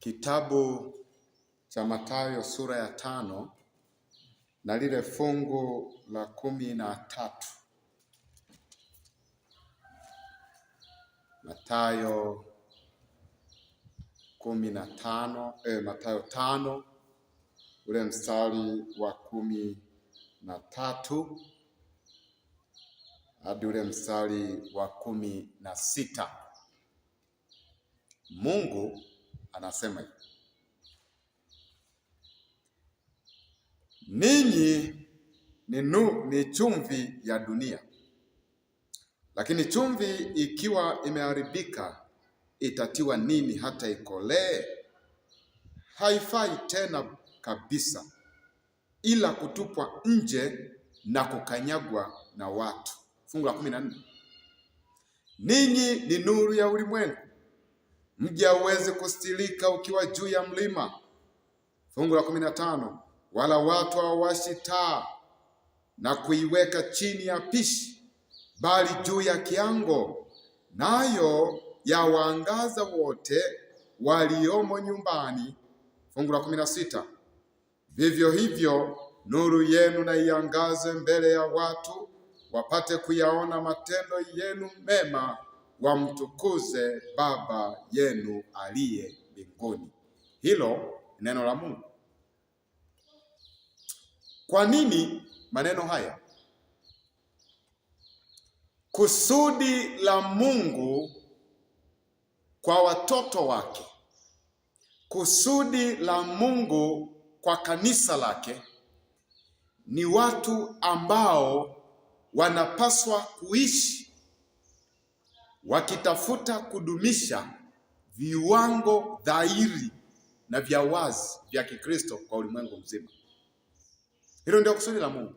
Kitabu cha Mathayo sura ya tano na lile fungu la kumi na tatu. Mathayo kumi na tano eh, Mathayo tano ule mstari wa kumi na tatu hadi ule mstari wa kumi na sita. Mungu anasema hivi, ninyi ni, ni chumvi ya dunia, lakini chumvi ikiwa imeharibika itatiwa nini hata ikolee? Haifai tena kabisa, ila kutupwa nje na kukanyagwa na watu. Fungu la kumi na nne, ninyi ni nuru ya ulimwengu mji hauwezi kustilika ukiwa juu ya mlima. Fungu la kumi na tano wala watu hawawashi taa na kuiweka chini ya pishi, bali juu ya kiango, nayo yawaangaza wote waliomo nyumbani. Fungu la kumi na sita vivyo hivyo nuru yenu na iangaze mbele ya watu, wapate kuyaona matendo yenu mema wamtukuze Baba yenu aliye mbinguni. Hilo neno la Mungu. Kwa nini maneno haya? Kusudi la Mungu kwa watoto wake, kusudi la Mungu kwa kanisa lake ni watu ambao wanapaswa kuishi wakitafuta kudumisha viwango dhahiri na vya wazi vya Kikristo kwa ulimwengu mzima. Hilo ndio kusudi la Mungu.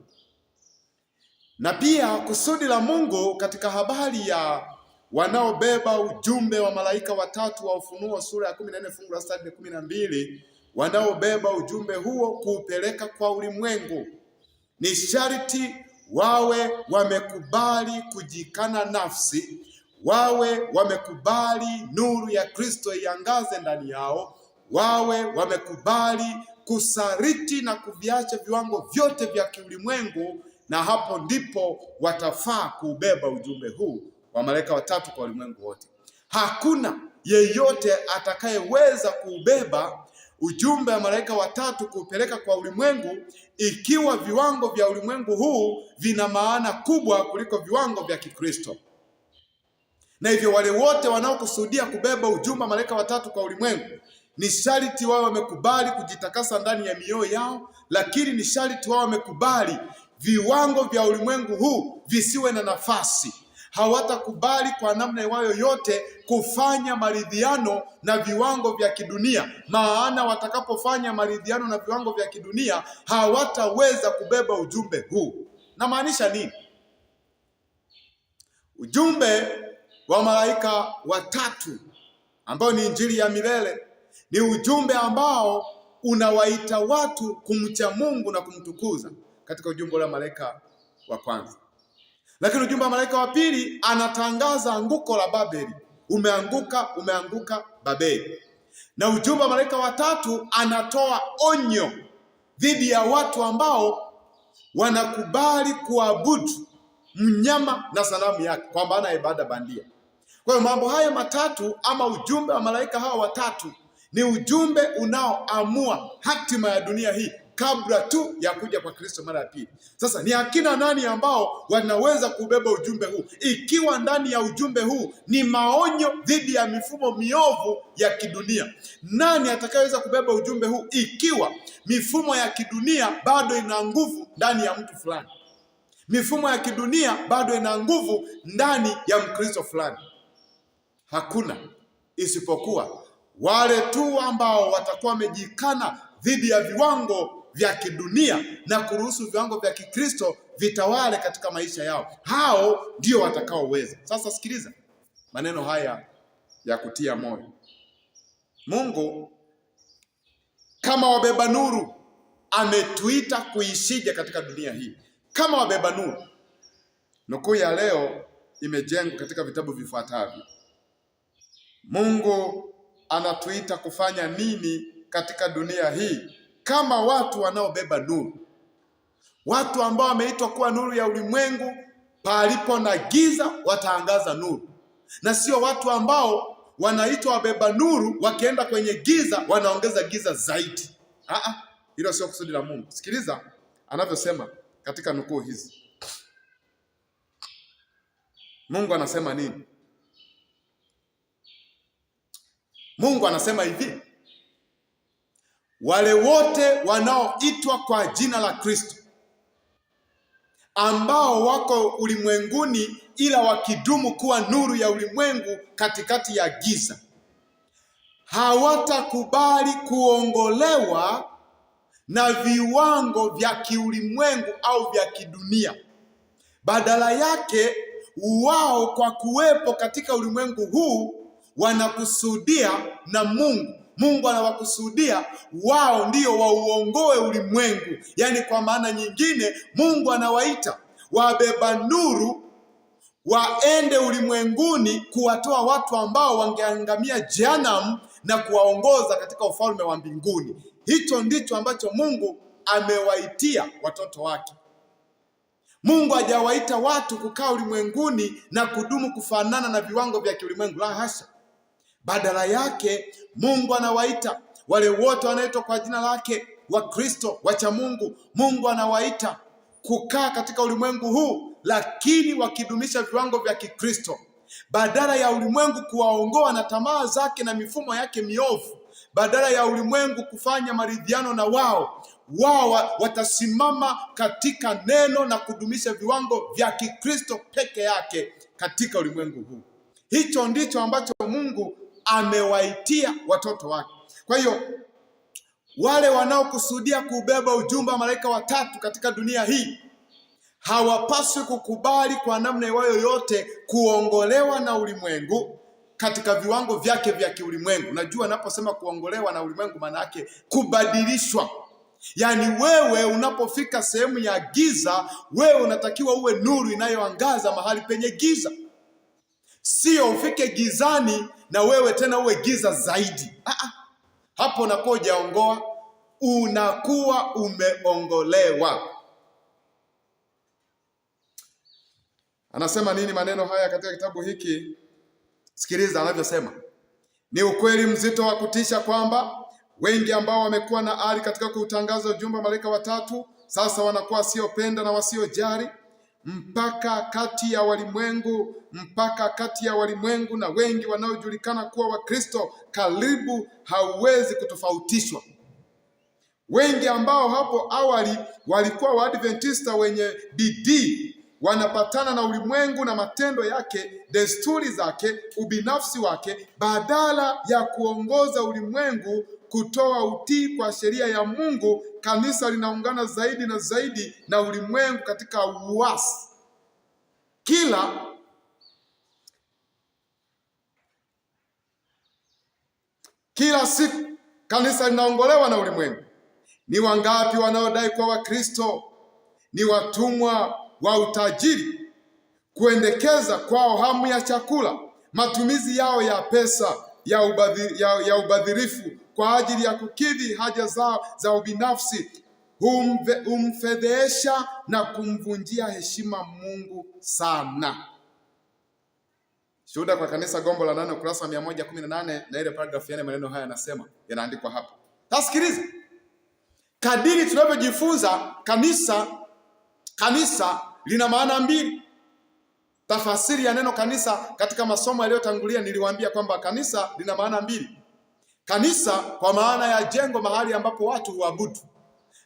Na pia kusudi la Mungu katika habari ya wanaobeba ujumbe wa malaika watatu wa Ufunuo sura ya 14 fungu la 12, kumi na mbili, wanaobeba ujumbe huo kuupeleka kwa ulimwengu ni sharti wawe wamekubali kujikana nafsi wawe wamekubali nuru ya Kristo iangaze ndani yao, wawe wamekubali kusariti na kuviacha viwango vyote vya kiulimwengu, na hapo ndipo watafaa kuubeba ujumbe huu wa malaika watatu kwa ulimwengu wote. Hakuna yeyote atakayeweza kuubeba ujumbe wa malaika watatu kuupeleka kwa ulimwengu, ikiwa viwango vya ulimwengu huu vina maana kubwa kuliko viwango vya Kikristo na hivyo wale wote wanaokusudia kubeba ujumbe malaika watatu kwa ulimwengu ni sharti wao wamekubali kujitakasa ndani ya mioyo yao, lakini ni sharti wao wamekubali viwango vya ulimwengu huu visiwe na nafasi. Hawatakubali kwa namna yoyote kufanya maridhiano na viwango vya kidunia, maana watakapofanya maridhiano na viwango vya kidunia hawataweza kubeba ujumbe huu. Namaanisha nini? Ujumbe wa malaika watatu ambao ni injili ya milele, ni ujumbe ambao unawaita watu kumcha Mungu na kumtukuza katika ujumbe wa malaika wa kwanza. Lakini ujumbe wa malaika wa pili anatangaza anguko la Babeli, umeanguka, umeanguka Babeli. Na ujumbe wa malaika wa tatu anatoa onyo dhidi ya watu ambao wanakubali kuabudu mnyama na sanamu yake, kwa maana ibada bandia. Kwa hiyo mambo haya matatu ama ujumbe wa malaika hawa watatu ni ujumbe unaoamua hatima ya dunia hii kabla tu ya kuja kwa Kristo mara ya pili. Sasa ni akina nani ambao wanaweza kubeba ujumbe huu? Ikiwa ndani ya ujumbe huu ni maonyo dhidi ya mifumo miovu ya kidunia, nani atakayeweza kubeba ujumbe huu ikiwa mifumo ya kidunia bado ina nguvu ndani ya mtu fulani? Mifumo ya kidunia bado ina nguvu ndani ya Mkristo fulani hakuna isipokuwa wale tu ambao watakuwa wamejikana dhidi ya viwango vya kidunia na kuruhusu viwango vya Kikristo vitawale katika maisha yao, hao ndio watakaoweza. Sasa sikiliza maneno haya ya kutia moyo. Mungu kama wabeba nuru ametuita kuishija katika dunia hii kama wabeba nuru. Nukuu ya leo imejengwa katika vitabu vifuatavyo. Mungu anatuita kufanya nini katika dunia hii kama watu wanaobeba nuru, watu ambao wameitwa kuwa nuru ya ulimwengu. Palipo na giza wataangaza nuru, na sio watu ambao wanaitwa wabeba nuru, wakienda kwenye giza wanaongeza giza zaidi. Aa, ah, ah. hilo sio kusudi la Mungu. Sikiliza anavyosema katika nukuu hizi, Mungu anasema nini? Mungu anasema hivi, wale wote wanaoitwa kwa jina la Kristo ambao wako ulimwenguni ila wakidumu kuwa nuru ya ulimwengu katikati ya giza, hawatakubali kuongolewa na viwango vya kiulimwengu au vya kidunia. Badala yake, wao kwa kuwepo katika ulimwengu huu wanakusudia na Mungu. Mungu anawakusudia wao ndio wauongoe ulimwengu. Yaani, kwa maana nyingine, Mungu anawaita wabeba nuru waende ulimwenguni kuwatoa watu ambao wangeangamia jehanamu na kuwaongoza katika ufalme wa mbinguni. Hicho ndicho ambacho Mungu amewaitia watoto wake. Mungu hajawaita watu kukaa ulimwenguni na kudumu kufanana na viwango vya kiulimwengu, la hasha. Badala yake Mungu anawaita wale wote wanaitwa kwa jina lake, Wakristo wacha Mungu. Mungu anawaita kukaa katika ulimwengu huu, lakini wakidumisha viwango vya Kikristo, badala ya ulimwengu kuwaongoa na tamaa zake na mifumo yake miovu, badala ya ulimwengu kufanya maridhiano na wao wao watasimama katika neno na kudumisha viwango vya Kikristo peke yake katika ulimwengu huu. Hicho ndicho ambacho Mungu amewaitia watoto wake. Kwa hiyo wale wanaokusudia kubeba ujumbe wa malaika watatu katika dunia hii hawapaswi kukubali kwa namna iwayo yote kuongolewa na ulimwengu katika viwango vyake vya kiulimwengu. Unajua, naposema kuongolewa na ulimwengu, maana yake kubadilishwa. Yaani wewe unapofika sehemu ya giza, wewe unatakiwa uwe nuru inayoangaza mahali penye giza sio ufike gizani na wewe tena uwe giza zaidi. Aha. Ah. Hapo unakuwa hujaongoa, unakuwa umeongolewa. Anasema nini maneno haya katika kitabu hiki? Sikiliza anavyosema. Ni ukweli mzito wa kutisha kwamba wengi ambao wamekuwa na ari katika kuutangaza ujumbe wa malaika watatu sasa wanakuwa wasiopenda na wasiojali mpaka kati ya walimwengu, mpaka kati ya walimwengu na wengi wanaojulikana kuwa Wakristo karibu hauwezi kutofautishwa. Wengi ambao hapo awali walikuwa Waadventista wenye bidii wanapatana na ulimwengu na matendo yake, desturi zake, ubinafsi wake, badala ya kuongoza ulimwengu kutoa utii kwa sheria ya Mungu, kanisa linaungana zaidi na zaidi na ulimwengu katika uasi. Kila kila siku kanisa linaongolewa na ulimwengu. Ni wangapi wanaodai kuwa Wakristo ni watumwa wa utajiri, kuendekeza kwao hamu ya chakula, matumizi yao ya pesa ya ubadhirifu, kwa ajili ya kukidhi haja zao za ubinafsi humfedhesha na kumvunjia heshima Mungu sana. Shuhuda kwa Kanisa, gombo la nane, ukurasa mia moja kumi na nane na ile paragrafu yane, maneno haya yanasema, yanaandikwa hapa. Tasikiliza, kadiri tunavyojifunza kanisa, kanisa lina maana mbili. Tafasiri ya neno kanisa katika masomo yaliyotangulia niliwaambia kwamba kanisa lina maana mbili. Kanisa kwa maana ya jengo, mahali ambapo watu huabudu,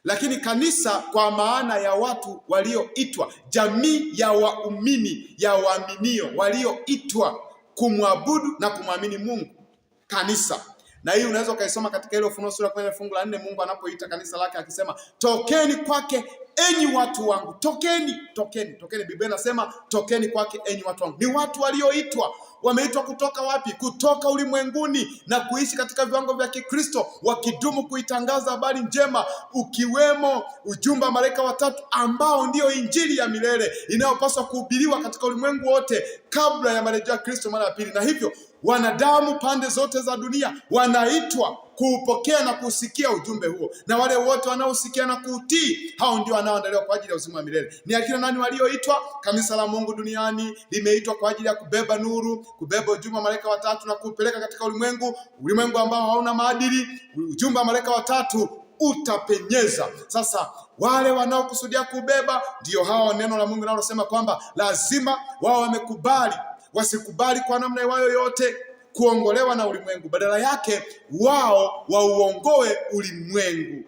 lakini kanisa kwa maana ya watu walioitwa, jamii ya waumini ya waaminio walioitwa kumwabudu na kumwamini Mungu, kanisa. Na hii unaweza ukaisoma katika ile Ufunuo sura ya kumi fungu la nne, Mungu anapoita kanisa lake akisema, tokeni kwake enyi watu wangu, tokeni, tokeni, tokeni. Biblia inasema tokeni kwake, enyi watu wangu. Ni watu walioitwa, wameitwa kutoka wapi? Kutoka ulimwenguni na kuishi katika viwango vya Kikristo, wakidumu kuitangaza habari njema, ukiwemo ujumbe wa malaika watatu, ambao ndiyo injili ya milele inayopaswa kuhubiriwa katika ulimwengu wote kabla ya marejeo ya Kristo mara ya pili. Na hivyo wanadamu pande zote za dunia wanaitwa kuupokea na kuusikia ujumbe huo, na wale wote wanaosikia na kuutii, hao ndio wanaoandaliwa kwa ajili ya uzima wa milele. Ni akina nani walioitwa? Kanisa la Mungu duniani limeitwa kwa ajili ya kubeba nuru, kubeba ujumbe wa malaika watatu na kuupeleka katika ulimwengu, ulimwengu ambao hauna maadili. Ujumbe wa malaika watatu utapenyeza. Sasa wale wanaokusudia kubeba ndio hawa, neno la Mungu linalosema kwamba lazima wao wamekubali, wasikubali kwa namna yoyote kuongolewa na ulimwengu, badala yake wao wauongoe ulimwengu.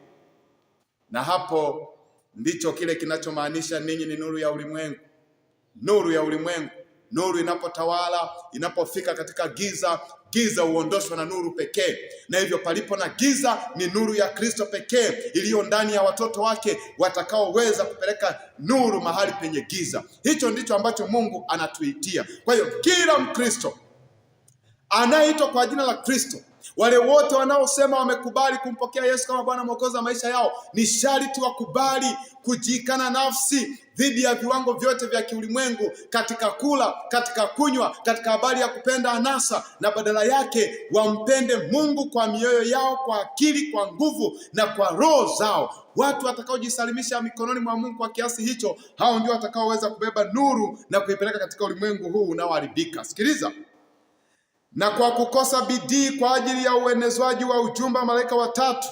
Na hapo ndicho kile kinachomaanisha ninyi ni nuru ya ulimwengu. Nuru ya ulimwengu, nuru inapotawala, inapofika katika giza, giza huondoshwa na nuru pekee. Na hivyo palipo na giza, ni nuru ya Kristo pekee iliyo ndani ya watoto wake watakaoweza kupeleka nuru mahali penye giza. Hicho ndicho ambacho Mungu anatuitia. Kwa hiyo kila Mkristo anayeitwa kwa jina la Kristo, wale wote wanaosema wamekubali kumpokea Yesu kama Bwana Mwokozi wa maisha yao, ni sharti wakubali kujikana nafsi dhidi ya viwango vyote vya kiulimwengu, katika kula, katika kunywa, katika habari ya kupenda anasa, na badala yake wampende Mungu kwa mioyo yao, kwa akili, kwa nguvu na kwa roho zao. Watu watakaojisalimisha mikononi mwa Mungu kwa kiasi hicho, hao ndio watakaoweza kubeba nuru na kuipeleka katika ulimwengu huu unaoharibika. Sikiliza na kwa kukosa bidii kwa ajili ya uenezwaji wa ujumbe wa malaika watatu.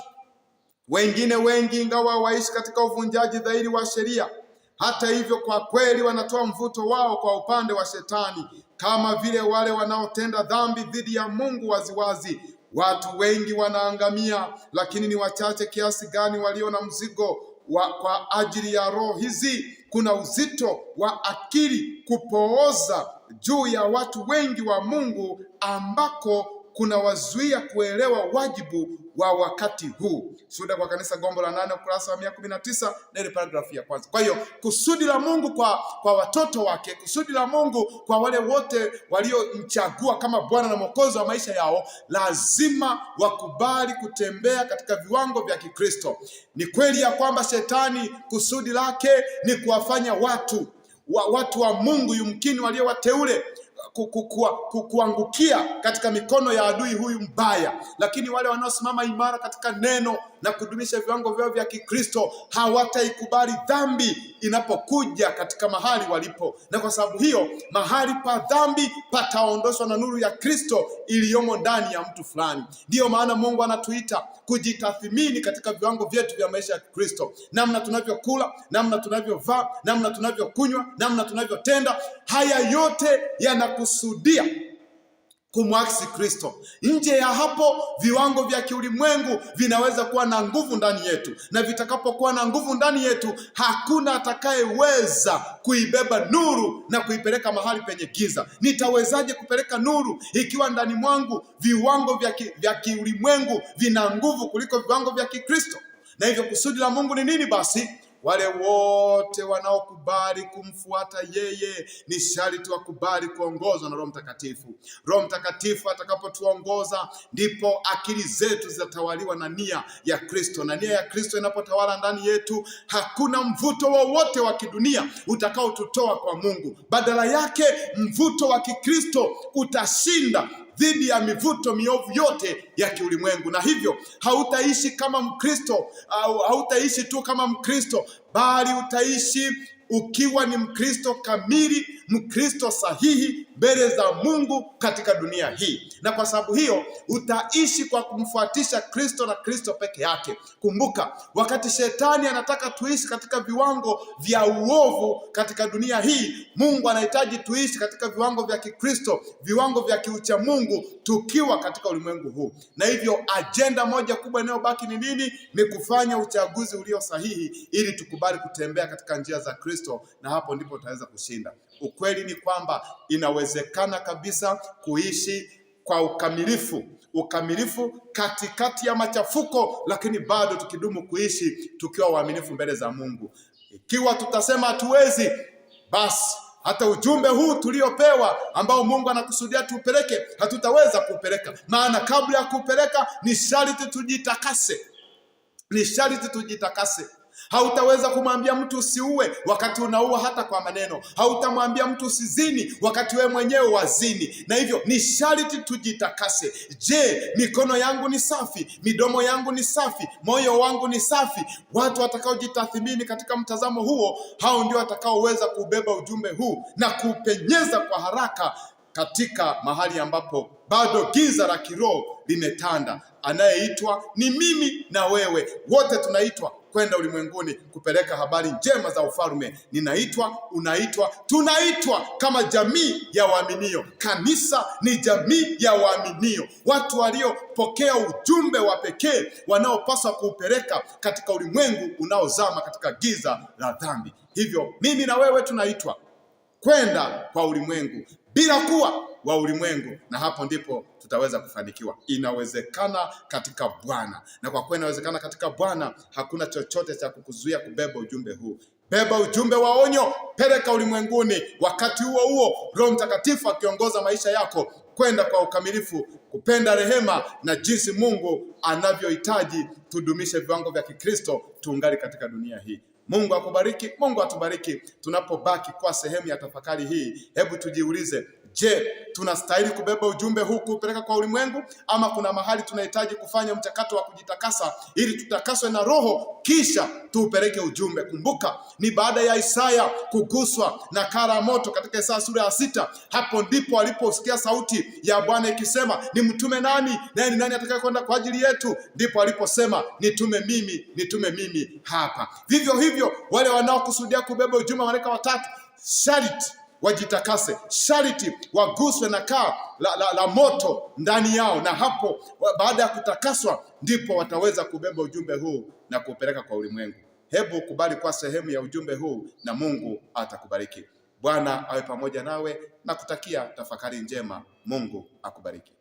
Wengine wengi, ingawa waishi katika uvunjaji dhahiri wa sheria, hata hivyo, kwa kweli wanatoa mvuto wao kwa upande wa Shetani, kama vile wale wanaotenda dhambi dhidi ya Mungu waziwazi. Watu wengi wanaangamia, lakini ni wachache kiasi gani walio na mzigo wa kwa ajili ya roho hizi? Kuna uzito wa akili kupooza juu ya watu wengi wa Mungu ambako kunawazuia kuelewa wajibu wa wakati huu. suda kwa Kanisa, gombo la nane, ukurasa wa mia kumi na tisa na ile paragrafu ya kwanza. Kwa hiyo kusudi la Mungu kwa, kwa watoto wake, kusudi la Mungu kwa wale wote waliomchagua kama Bwana na Mwokozi wa maisha yao, lazima wakubali kutembea katika viwango vya Kikristo. Ni kweli ya kwamba shetani kusudi lake ni kuwafanya watu wa watu wa Mungu, yumkini walio wateule kuangukia katika mikono ya adui huyu mbaya, lakini wale wanaosimama imara katika neno na kudumisha viwango vyao vya Kikristo hawataikubali dhambi inapokuja katika mahali walipo, na kwa sababu hiyo mahali pa dhambi pataondoshwa na nuru ya Kristo iliyomo ndani ya mtu fulani. Ndiyo maana Mungu anatuita kujitathmini katika viwango vyetu vya maisha ya kikristo namna tunavyokula, namna tunavyovaa, namna tunavyokunywa, namna tunavyotenda. Haya yote yanaku wanakusudia kumwakisi Kristo. Nje ya hapo, viwango vya kiulimwengu vinaweza kuwa na nguvu ndani yetu, na vitakapokuwa na nguvu ndani yetu, hakuna atakayeweza kuibeba nuru na kuipeleka mahali penye giza. Nitawezaje kupeleka nuru ikiwa ndani mwangu viwango vya, ki, vya kiulimwengu vina nguvu kuliko viwango vya Kikristo? Na hivyo kusudi la Mungu ni nini basi? Wale wote wanaokubali kumfuata yeye ni sharti wakubali kuongozwa na Roho Mtakatifu. Roho Mtakatifu atakapotuongoza, ndipo akili zetu zitatawaliwa na nia ya Kristo, na nia ya Kristo inapotawala ndani yetu, hakuna mvuto wowote wa, wa kidunia utakaotutoa kwa Mungu. Badala yake mvuto wa Kikristo utashinda dhidi ya mivuto miovu yote ya kiulimwengu, na hivyo hautaishi kama Mkristo au hautaishi tu kama Mkristo bali utaishi ukiwa ni Mkristo kamili, Mkristo sahihi mbele za Mungu katika dunia hii. Na kwa sababu hiyo utaishi kwa kumfuatisha Kristo na Kristo peke yake. Kumbuka, wakati shetani anataka tuishi katika viwango vya uovu katika dunia hii, Mungu anahitaji tuishi katika viwango vya Kikristo, viwango vya kiucha Mungu tukiwa katika ulimwengu huu. Na hivyo ajenda moja kubwa inayobaki ni nini? Ni kufanya uchaguzi ulio sahihi ili tukubali kutembea katika njia za Kristo Kristo, na hapo ndipo utaweza kushinda. Ukweli ni kwamba inawezekana kabisa kuishi kwa ukamilifu ukamilifu katikati ya machafuko, lakini bado tukidumu kuishi tukiwa waaminifu mbele za Mungu. Ikiwa tutasema hatuwezi, basi hata ujumbe huu tuliopewa ambao Mungu anakusudia tuupeleke, hatutaweza kuupeleka. Maana kabla ya kuupeleka ni sharti tujitakase, ni sharti tujitakase. Hautaweza kumwambia mtu usiue wakati unaua hata kwa maneno. Hautamwambia mtu usizini wakati wewe mwenyewe wazini. Na hivyo ni sharti tujitakase. Je, mikono yangu ni safi? Midomo yangu ni safi? Moyo wangu ni safi? Watu watakaojitathmini katika mtazamo huo, hao ndio watakaoweza kubeba ujumbe huu na kupenyeza kwa haraka katika mahali ambapo bado giza la kiroho limetanda. Anayeitwa ni mimi na wewe, wote tunaitwa kwenda ulimwenguni kupeleka habari njema za ufalme. Ninaitwa, unaitwa, tunaitwa kama jamii ya waaminio. Kanisa ni jamii ya waaminio, watu waliopokea ujumbe wa pekee wanaopaswa kuupeleka katika ulimwengu unaozama katika giza la dhambi. Hivyo mimi na wewe tunaitwa kwenda kwa ulimwengu bila kuwa wa ulimwengu, na hapo ndipo tutaweza kufanikiwa. Inawezekana katika Bwana, na kwa kuwa inawezekana katika Bwana, hakuna chochote cha kukuzuia kubeba ujumbe huu. Beba ujumbe wa onyo, peleka ulimwenguni. Wakati huo huo, Roho Mtakatifu akiongoza maisha yako kwenda kwa ukamilifu, kupenda rehema na jinsi Mungu anavyohitaji tudumishe viwango vya Kikristo tuungali katika dunia hii. Mungu akubariki, Mungu atubariki. Tunapobaki kwa sehemu ya tafakari hii, hebu tujiulize, je, tunastahili kubeba ujumbe huu kupeleka kwa ulimwengu, ama kuna mahali tunahitaji kufanya mchakato wa kujitakasa ili tutakaswe na Roho kisha tuupeleke ujumbe? Kumbuka ni baada ya Isaya kuguswa na kara moto katika Isaya sura ya sita, hapo ndipo aliposikia sauti ya Bwana ikisema, ni mtume nani? Naye ni nani atakayekwenda kwa ajili yetu? Ndipo aliposema, nitume mimi, nitume mimi hapa. Vivyo hivyo hivyo wale wanaokusudia kubeba ujumbe wa malaika watatu shariti wajitakase, shariti waguswe na kaa la, la, la moto ndani yao, na hapo baada ya kutakaswa ndipo wataweza kubeba ujumbe huu na kuupeleka kwa ulimwengu. Hebu kubali kwa sehemu ya ujumbe huu na Mungu atakubariki. Bwana awe pamoja nawe na kutakia tafakari njema. Mungu akubariki.